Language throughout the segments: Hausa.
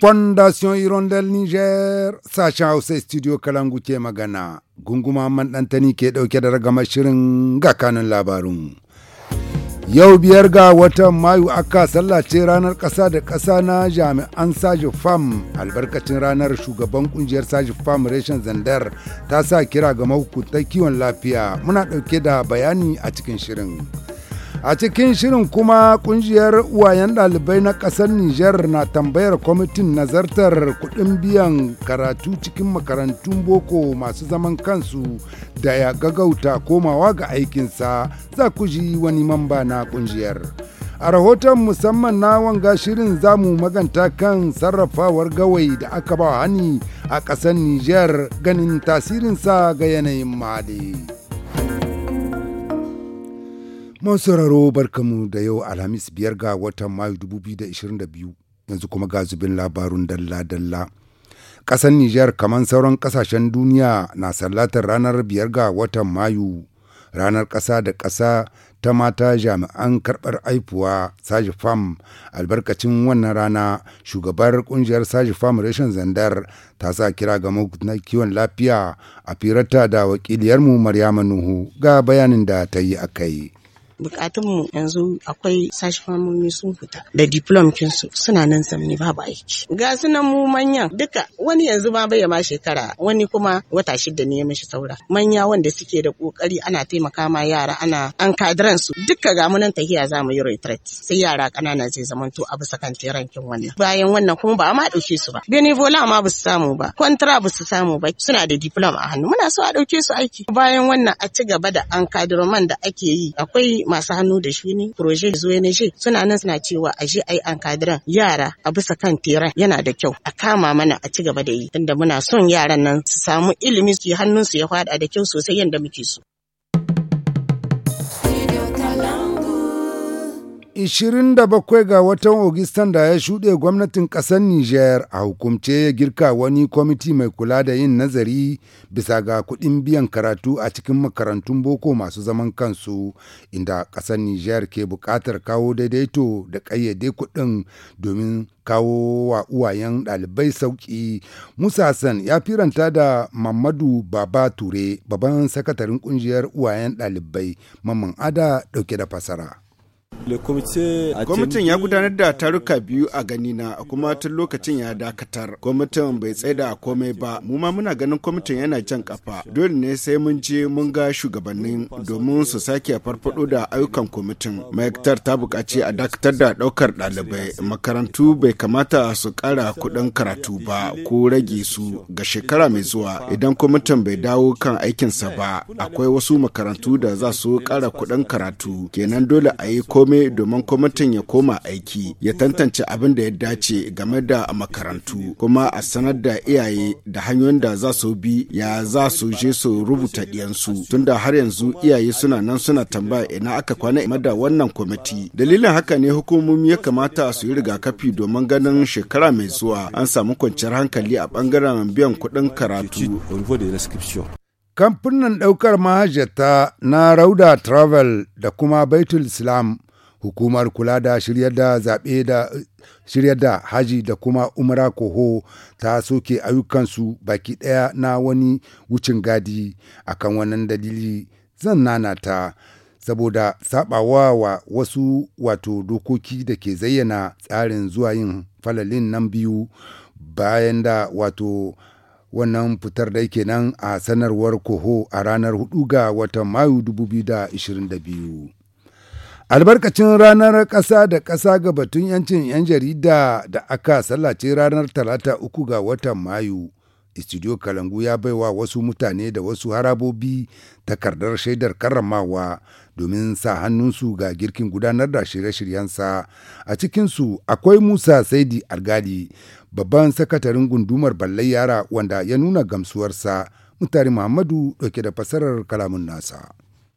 fondation irondel niger sashen hausa studio kalangu ke magana gunguma man ɗantani ke ɗauke da ragamar shirin ga kanun labarun yau biyar ga watan mayu aka sallace ranar ƙasa da ƙasa na jami'an saji fam albarkacin ranar shugaban kungiyar saji fam reshen zandar ta sa kira ga mahukuntar kiwon lafiya muna ɗauke da bayani a cikin shirin a cikin shirin kuma kungiyar uwayen ɗalibai na ƙasar Niger na tambayar kwamitin nazartar kuɗin biyan karatu cikin makarantun boko masu zaman kansu da ya gagauta komawa ga aikinsa za ku ji wani mamba na kungiyar. A rahoton musamman na wanga shirin zamu maganta kan sarrafawar gawai da aka ba hani a ƙasar Niger, ganin tasirinsa ga yanayin mali Monsoraro barkamu da yau Alhamis biyar ga watan Mayu 2022 yanzu kuma ga zubin labarun dalla-dalla. Ƙasar Nijar kamar sauran ƙasashen duniya na sallatar ranar biyar ga watan Mayu ranar ƙasa da ƙasa ta mata jami'an karɓar aifuwa saji fam albarkacin wannan rana shugabar ƙungiyar saji fam reshen zandar ta sa kira ga na kiwon lafiya a firarta da wakiliyarmu maryama nuhu ga bayanin da ta yi a kai. mu yanzu akwai sashi famomi sun fita da diplom kinsu suna nan ba babu aiki ga nan mu manyan duka wani yanzu ma bai ma shekara wani kuma wata shida ne ya mishi saura manya wanda suke da kokari ana taimaka ma yara ana an kadran su duka ga munan tahiya za mu yi retreat sai yara kanana zai zamanto abu sakan kan rankin wannan bayan wannan kuma ba ma dauke su ba benevola ma ba su samu ba kontra ba su samu ba suna da diplom a hannu muna so a dauke su aiki bayan wannan a ci gaba da an kadroman da ake yi akwai masu hannu da shi ne proje na je suna nan suna cewa a je ai ankadiran yara a bisa kan tiran yana da kyau a kama mana a ci gaba da yi tunda muna son yaran nan su samu ilimi su yi hannun su ya fada da kyau sosai yadda muke so 27 ga watan Ogistan da ya shuɗe gwamnatin ƙasar Nijar a hukumce ya girka wani kwamiti mai kula da yin nazari bisa ga kuɗin biyan karatu a cikin makarantun boko masu zaman kansu inda ƙasar Nijar ke buƙatar kawo daidaito da ƙayyade kuɗin domin kawo wa uwayen ɗalibai sauƙi. Musa Hassan ya firanta da Mamadu Baba Ture, babban sakatarin ƙungiyar uwayen ɗalibai, Mamman Ada ɗauke da fasara. Gwamnatin ya gudanar da taruka biyu a gani na kuma tun lokacin ya dakatar. Gwamnatin bai tsaida komai ba, mu ma muna ganin komitin yana jan kafa. Dole ne sai mun je mun ga shugabannin domin su sake farfado da ayyukan kwamitin. Ma'aikatar ta buƙaci a dakatar da ɗaukar ɗalibai. Makarantu bai kamata su ƙara kuɗin karatu ba ko rage su ga shekara mai zuwa idan kwamitin bai dawo kan aikinsa ba. Akwai wasu makarantu da za su ƙara kuɗin karatu kenan dole a yi komai kome domin kwamitin ya koma aiki ya tantance abin da ya dace game da makarantu kuma a sanar da iyaye da hanyoyin da za su bi ya za su je su rubuta diyansu tunda har yanzu iyaye suna nan suna tambaya ina aka kwana ima da wannan kwamiti dalilin haka ne hukumomi ya kamata su yi rigakafi domin ganin shekara mai zuwa an samu kwanciyar hankali a bangaren biyan kuɗin karatu kamfanin ɗaukar mahajjata na rauda travel da kuma baitul islam hukumar kula da shiryar da zaɓe da shiryar da haji da kuma umra koho ta soke ayyukansu baki ɗaya na wani wucin gadi akan wannan dalili zan nanata saboda saɓawa wa wasu wato dokoki da ke zayyana tsarin zuwa yin falalin nan biyu bayan da wato wannan fitar da yake nan a sanarwar koho a ranar 4 ga watan mayu 2022 albarkacin ranar ƙasa da ƙasa ga batun 'yancin 'yan jarida da aka sallace ranar talata uku ga watan mayu studio kalangu ya baiwa wasu mutane da wasu harabobi takardar shaidar karramawa domin sa hannunsu ga girkin gudanar da shirye-shiryensa a cikinsu akwai musa saidi argadi babban sakatarin gundumar ballai yara wanda ya nuna gamsuwarsa Mutane muhammadu dauke da fasarar kalamun nasa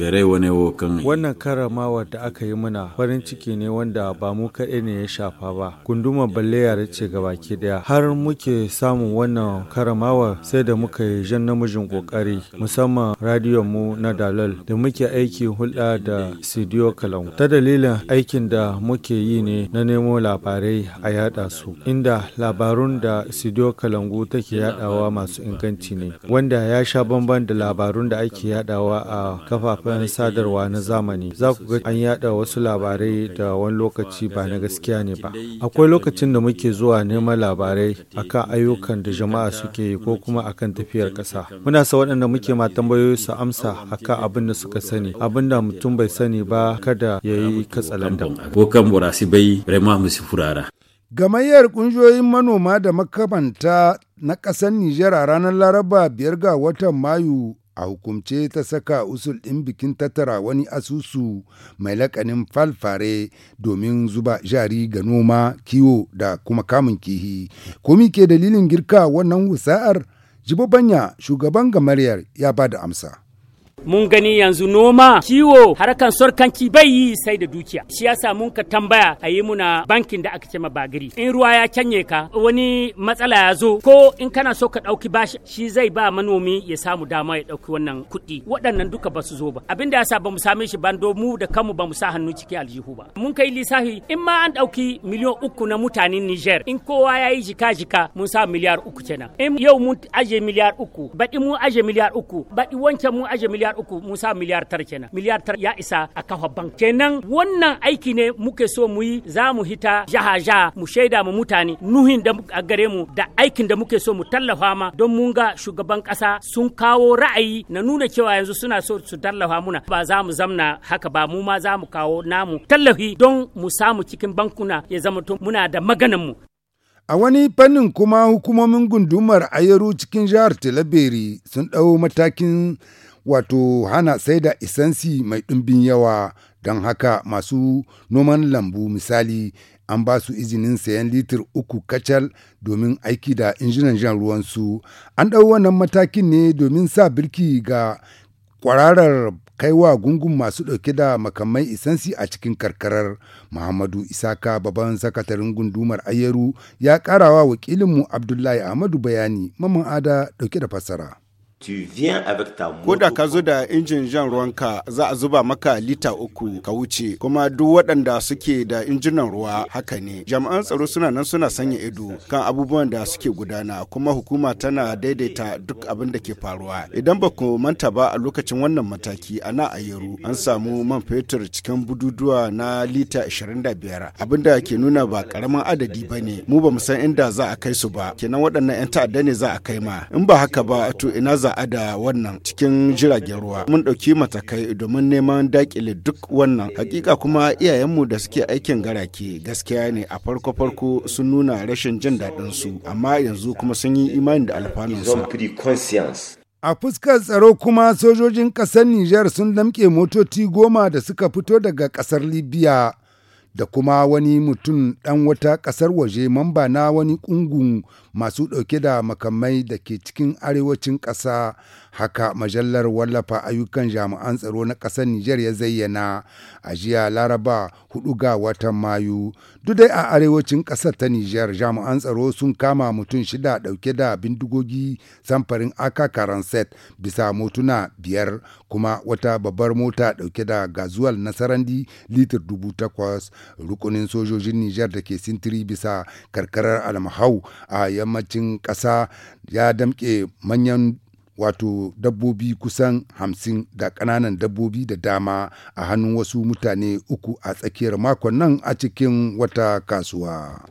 Wannan karamawa da aka yi muna farin ciki ne wanda ba mu kaɗai ne ya shafa ba. Gunduma balle yare ce baki daya. Har muke samun wannan karamawa sai da muka yi jan namijin ƙoƙari musamman radiyon mu na Dalal da muke aiki hulɗa da Sidiyo kalangu Ta dalilin aikin da muke yi ne na nemo labarai a yada su inda labarun da Sidiyo Kalangu take yadawa masu inganci ne wanda ya sha bamban da labarun da ake yadawa a kafa. kafafen sadarwa na zamani za ku ga an yada wasu labarai da wani lokaci ba na gaskiya ne ba akwai lokacin da muke zuwa neman labarai akan ayyukan da jama'a suke yi ko kuma akan tafiyar ƙasa muna sa waɗanda muke ma tambayoyi su amsa akan abin da suka sani abin da mutum bai sani ba kada ya yi katsalandan abokan burasi bai rema musu furara Gamayyar ƙungiyoyin manoma da makamanta na ƙasar Nijar a ranar Laraba biyar ga watan Mayu a hukumce ta saka usul ɗin bikin tattara wani asusu mai lakanin falfare domin zuba jari ga noma kiwo da kuma kamun kihi komi ke dalilin girka wannan wusa'ar jibobanya shugaban gamaryar ya ba da amsa mun gani yanzu noma kiwo harkan sorkanki bai yi sai da dukiya siyasa yasa mun ka tambaya a yi muna bankin da aka ce ma bagiri in ruwa ya canye ka wani matsala ya zo ko in kana so ka ɗauki bashi shi zai ba manomi ya samu dama ya ɗauki wannan kuɗi waɗannan duka ba su zo ba abin da yasa ba mu same shi bando mu da kanmu ba mu sa hannu cikin aljihu ba mun kai lissafi in ma an ɗauki miliyan uku na mutanen Niger in kowa ya yi jika jika mun sa miliyar uku kenan in yau mun aje miliyar uku baɗi mun aje miliyar uku baɗi wancan mu aje miliyar miliyar uku musa miliyar tara kenan miliyar tara ya isa a kafa bank kenan wannan aiki ne muke so mu yi za mu hita jaha jaha mu shaida mu mutane nuhin da a gare mu da aikin da muke so mu tallafa ma don mun ga shugaban kasa sun kawo ra'ayi na nuna cewa yanzu suna so su tallafa muna ba za mu zamna haka ba mu ma za mu kawo namu tallafi don mu samu cikin bankuna ya zama muna da maganan mu A wani fannin kuma hukumomin gundumar Ayaru cikin jihar Talabiri sun ɗau matakin wato hana saida isansi mai ɗumbin yawa don haka masu noman lambu misali an ba su izinin sayan litir uku kacal domin aiki da injinan jan ruwansu an ɗau wannan matakin ne domin sa birki ga kwararar kaiwa gungun masu ɗauke da makamai isansi a cikin karkarar muhammadu isaka babban sakatarin gundumar ayyaru ya ƙarawa wakilinmu abdullahi ahmadu bayani mamman ada ɗauke da fassara Ko da ka zo da injin jan ka za a zuba maka lita uku ka wuce kuma duk waɗanda suke da injinan ruwa haka ne. Jami'an tsaro suna nan suna sanya ido kan abubuwan da suke gudana kuma hukuma tana daidaita duk abin da ke faruwa. Idan ba ku manta ba a lokacin wannan mataki a na an samu man fetur cikin bududuwa na lita 25 abinda ke nuna ba karamin adadi ba ne mu ba mu san inda za a kai su ba kenan waɗannan 'yan ta'adda ne za a kai ma in ba haka ba to ina za za'a da wannan cikin jiragen ruwa mun ɗauki matakai domin neman dakile duk wannan hakika kuma iyayenmu da suke aikin garake gaskiya ne a farko farko sun nuna rashin jin daɗin su amma yanzu kuma sun yi imani da alfanunsa a fuskar tsaro kuma sojojin ƙasar Nijar sun damƙe motoci goma da suka fito daga ƙasar libya da kuma wani mutum ɗan wata ƙasar waje mamba na wani ƙungun masu ɗauke da makamai da ke cikin arewacin ƙasa haka majallar wallafa ayyukan jami'an tsaro na ƙasar Nijar ya zayyana a jiya Laraba 4 ga watan Mayu. Duk dai a arewacin ƙasar ta Nijar jami'an tsaro sun kama mutum shida ɗauke da bindigogi samfarin aka karanset bisa motuna biyar kuma wata babbar mota ɗauke da gazuwal nasarandi litir dubu takwas rukunin sojojin Nijar da ke sintiri bisa karkarar almahau a yammacin ƙasa ya damƙe manyan wato dabbobi kusan hamsin da ƙananan dabbobi da dama a hannun wasu mutane uku a tsakiyar makon nan a cikin wata kasuwa.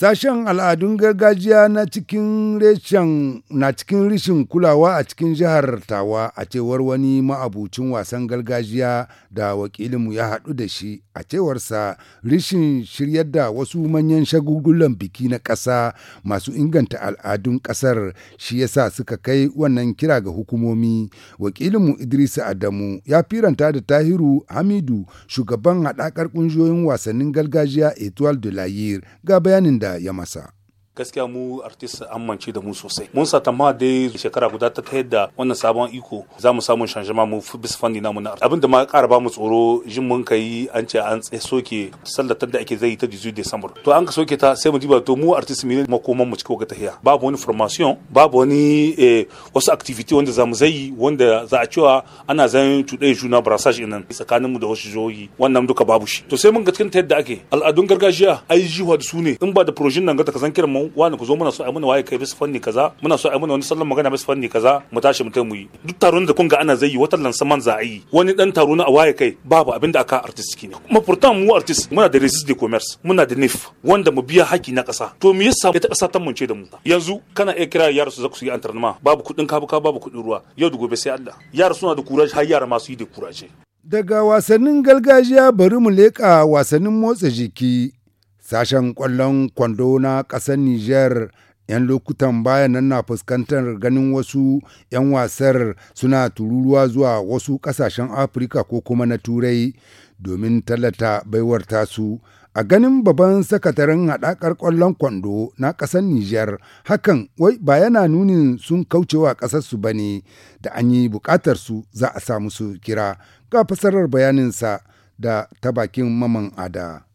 Sashen al'adun gargajiya na cikin reshen na cikin rishin kulawa a cikin jihar Tawa a cewar wani ma'abucin wasan gargajiya da wakilinmu ya haɗu da shi a cewarsa rishin shiryar da wasu manyan shagugulan biki na ƙasa masu inganta al'adun ƙasar shi yasa suka kai wannan kira ga hukumomi. Wakilinmu Idris Adamu ya firanta da Tahiru Hamidu shugaban haɗakar ƙungiyoyin wasannin gargajiya Etoile de ga bayanin da da ya masa. gaskiya mu artist an mance da mu sosai mun satama dai shekara guda ta ta yadda wannan sabon iko za mu samu shanjama mu bisa fanni namu na abin da ma ƙara ba mu tsoro jin mun kai an ce an soke sallatar da ake zai ta 18 December to an ka soke ta sai mu diba to mu artist mu ne makoman mu cikin wata hiya babu wani formation babu wani eh, wasu activity wanda za mu zai wanda za a cewa ana zan cuɗe juna brassage nan mu da wasu jihohi wannan duka babu shi to sai mun ga cikin ta yadda ake al'adun gargajiya ai jiwa da su ne in ba da projin nan ga ta kazan kiran mu wani ku zo muna so a muna waye kai bisa fanni kaza muna so a muna wani sallan magana bisa fanni kaza mu tashi mu mu yi duk taron da kun ga ana zai yi wata lansa man za a yi wani dan taro na a waye kai babu abinda aka artist ne kuma pourtant mu artist muna da resist de commerce muna da nif e wanda mu biya haki na kasa to me yasa ita kasa ta munce da mu yanzu kana iya kira yara su za su yi antarnama babu kudin kabuka babu kudin ruwa yau da gobe sai Allah yara suna da courage har yara masu yi da kuraje Daga wasannin gargajiya bari mu leka wasannin motsa jiki Sashen ƙwallon kwando na ƙasar Nijar 'yan lokutan bayan nan na fuskantar ganin wasu 'yan wasar suna tururuwa zuwa wasu ƙasashen Afirka ko kuma na Turai domin tallata baiwar tasu. a ganin babban sakataren haɗakar ƙwallon kwando na ƙasar Nijar hakan wai ba yana nunin sun kaucewa ƙasarsu ba ne da an yi buƙatar su za a sa musu kira ga fasarar bayaninsa da ta bakin maman ada.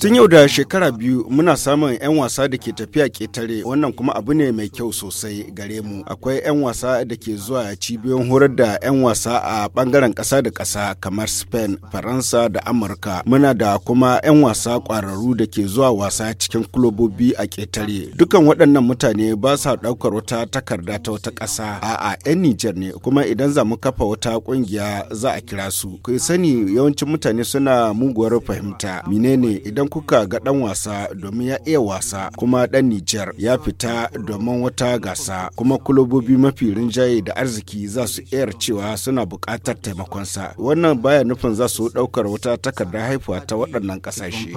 Tun yau da shekara biyu muna samun 'yan wasa da ke tafiya ketare wannan kuma abu ne mai kyau sosai gare mu. Akwai 'yan wasa da ke zuwa cibiyoyin horar da 'yan wasa a bangaren ƙasa da ƙasa kamar Spain, Faransa da Amurka. Muna da kuma 'yan wasa ƙwararru da ke zuwa wasa cikin kulobobi a ketare. Dukan waɗannan mutane ba sa ɗaukar wata takarda ta wata ƙasa. A'a 'yan Nijar ne kuma idan za mu kafa wata ƙungiya za a kira su. Ku sani yawancin mutane suna muguwar kyakkyawar fahimta menene idan kuka ga ɗan wasa domin ya iya wasa kuma ɗan Nijar ya fita domin wata gasa kuma kulobobi mafi rinjaye da arziki za su iya cewa suna buƙatar taimakonsa wannan baya nufin za su ɗaukar wata takardar haifuwa ta waɗannan ƙasashe.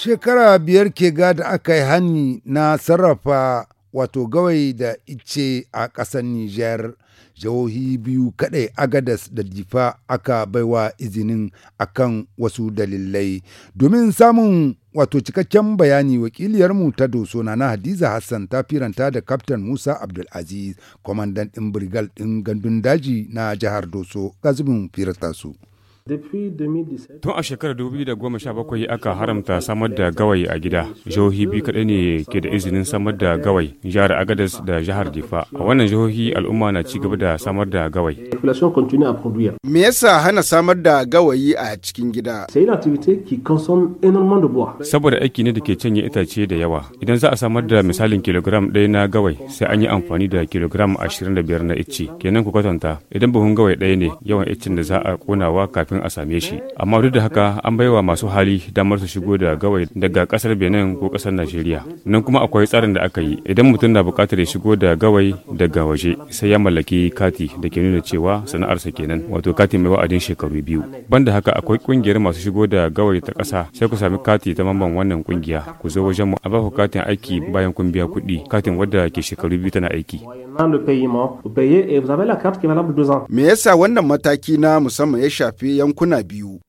Shekara biyar ke da aka yi hani na sarrafa wato gawai da ice a ƙasar Nijar jihohi biyu kaɗai Agadas da Difa aka baiwa izinin akan wasu dalilai. Domin samun wato cikakken bayani wakiliyarmu ta doso na Hadiza Hassan ta firanta da Kaftan Musa Abdulaziz, kwamandan ɗin Birgal ɗin gandun daji na jihar Doso, gazubin firanta su. Tun a shekarar sha 2017 aka haramta samar da gawayi a gida. Jihohi biyu kaɗai ne ke da izinin samar da gawayi, jihar Agadez da jihar Difa. A wannan jihohi al'umma na ci gaba da samar da gawayi. Me yasa hana samar da gawayi a cikin gida? Saboda aiki ne da ke canye itace da yawa. Idan za a samar da misalin kilogram ɗaya na gawai sai an yi amfani da kilogram 25 na icci. Kenan ku kwatanta idan buhun gawai ɗaya ne yawan iccin da za a ƙonawa kafin a same shi amma duk da haka an bai wa masu hali damar su shigo da gawai daga kasar benin ko kasar najeriya nan kuma akwai tsarin da aka yi idan mutum na bukatar ya shigo da gawai daga waje sai ya mallaki kati da ke nuna cewa sana'arsa kenan wato kati mai wa'adin shekaru biyu banda haka akwai kungiyar masu shigo da gawai ta kasa sai ku sami kati ta mamban wannan kungiya ku zo wajen mu a ba ku katin aiki bayan kun biya kuɗi katin wadda ke shekaru biyu tana aiki me yasa wannan mataki na musamman ya shafi yankuna biyu.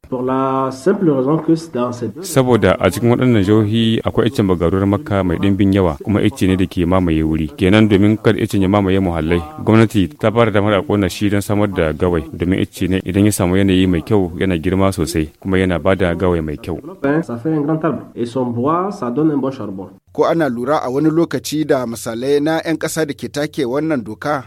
Saboda a cikin waɗannan jihohi akwai iccen bagaruwar makka mai ɗimbin yawa kuma icce ne da ke mamaye wuri. Kenan domin kada icce ya mamaye muhallai, gwamnati ta fara damar a ƙona shi don samar da gawai domin icce ne idan ya samu yanayi mai kyau yana girma sosai kuma yana bada gawai mai kyau. ko ana lura a wani lokaci da misalai na 'yan ƙasa da ke take wannan doka?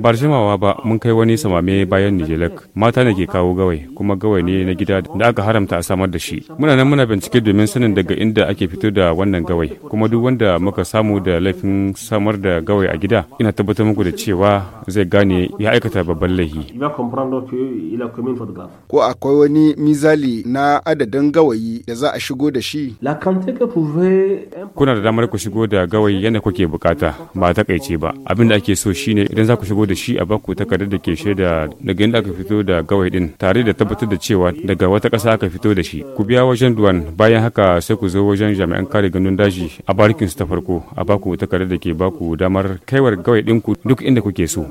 Ba jimawa ba mun kai wani samame bayan Nijelek mata ne ke kawo gawai kuma gawai ne na gida da aka haramta a samar da shi. Muna nan muna bincike domin sanin daga inda ake fito da wannan gawai kuma duk wanda muka samu da laifin samar da gawai a gida ina tabbatar muku da cewa zai gane ya aikata babban laifi. Ko akwai wani mizali na adadin gawayi da za a shigo da shi? Kuna da damar ku shigo da gawayi yadda kuke bukata ba takaice ba. Abin da ake so shine idan za ku shigo da shi a baku takardar da ke shaida daga inda aka fito da gawayi din tare da tabbatar da cewa daga wata ƙasa aka fito da shi. Ku biya wajen duwan bayan haka sai ku zo wajen jami'an kare gandun daji a barikin su ta farko a baku takardar da ke baku damar kaiwar gawayi ɗinku duk inda kuke so.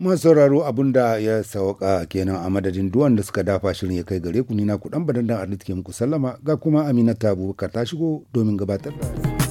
masu sauraro abun da ya sauka kenan a madadin duwan da suka dafa shirin ya kai gare ku nina na ku badan da arziki muku sallama ga kuma aminata abubakar ta shigo domin gabatar da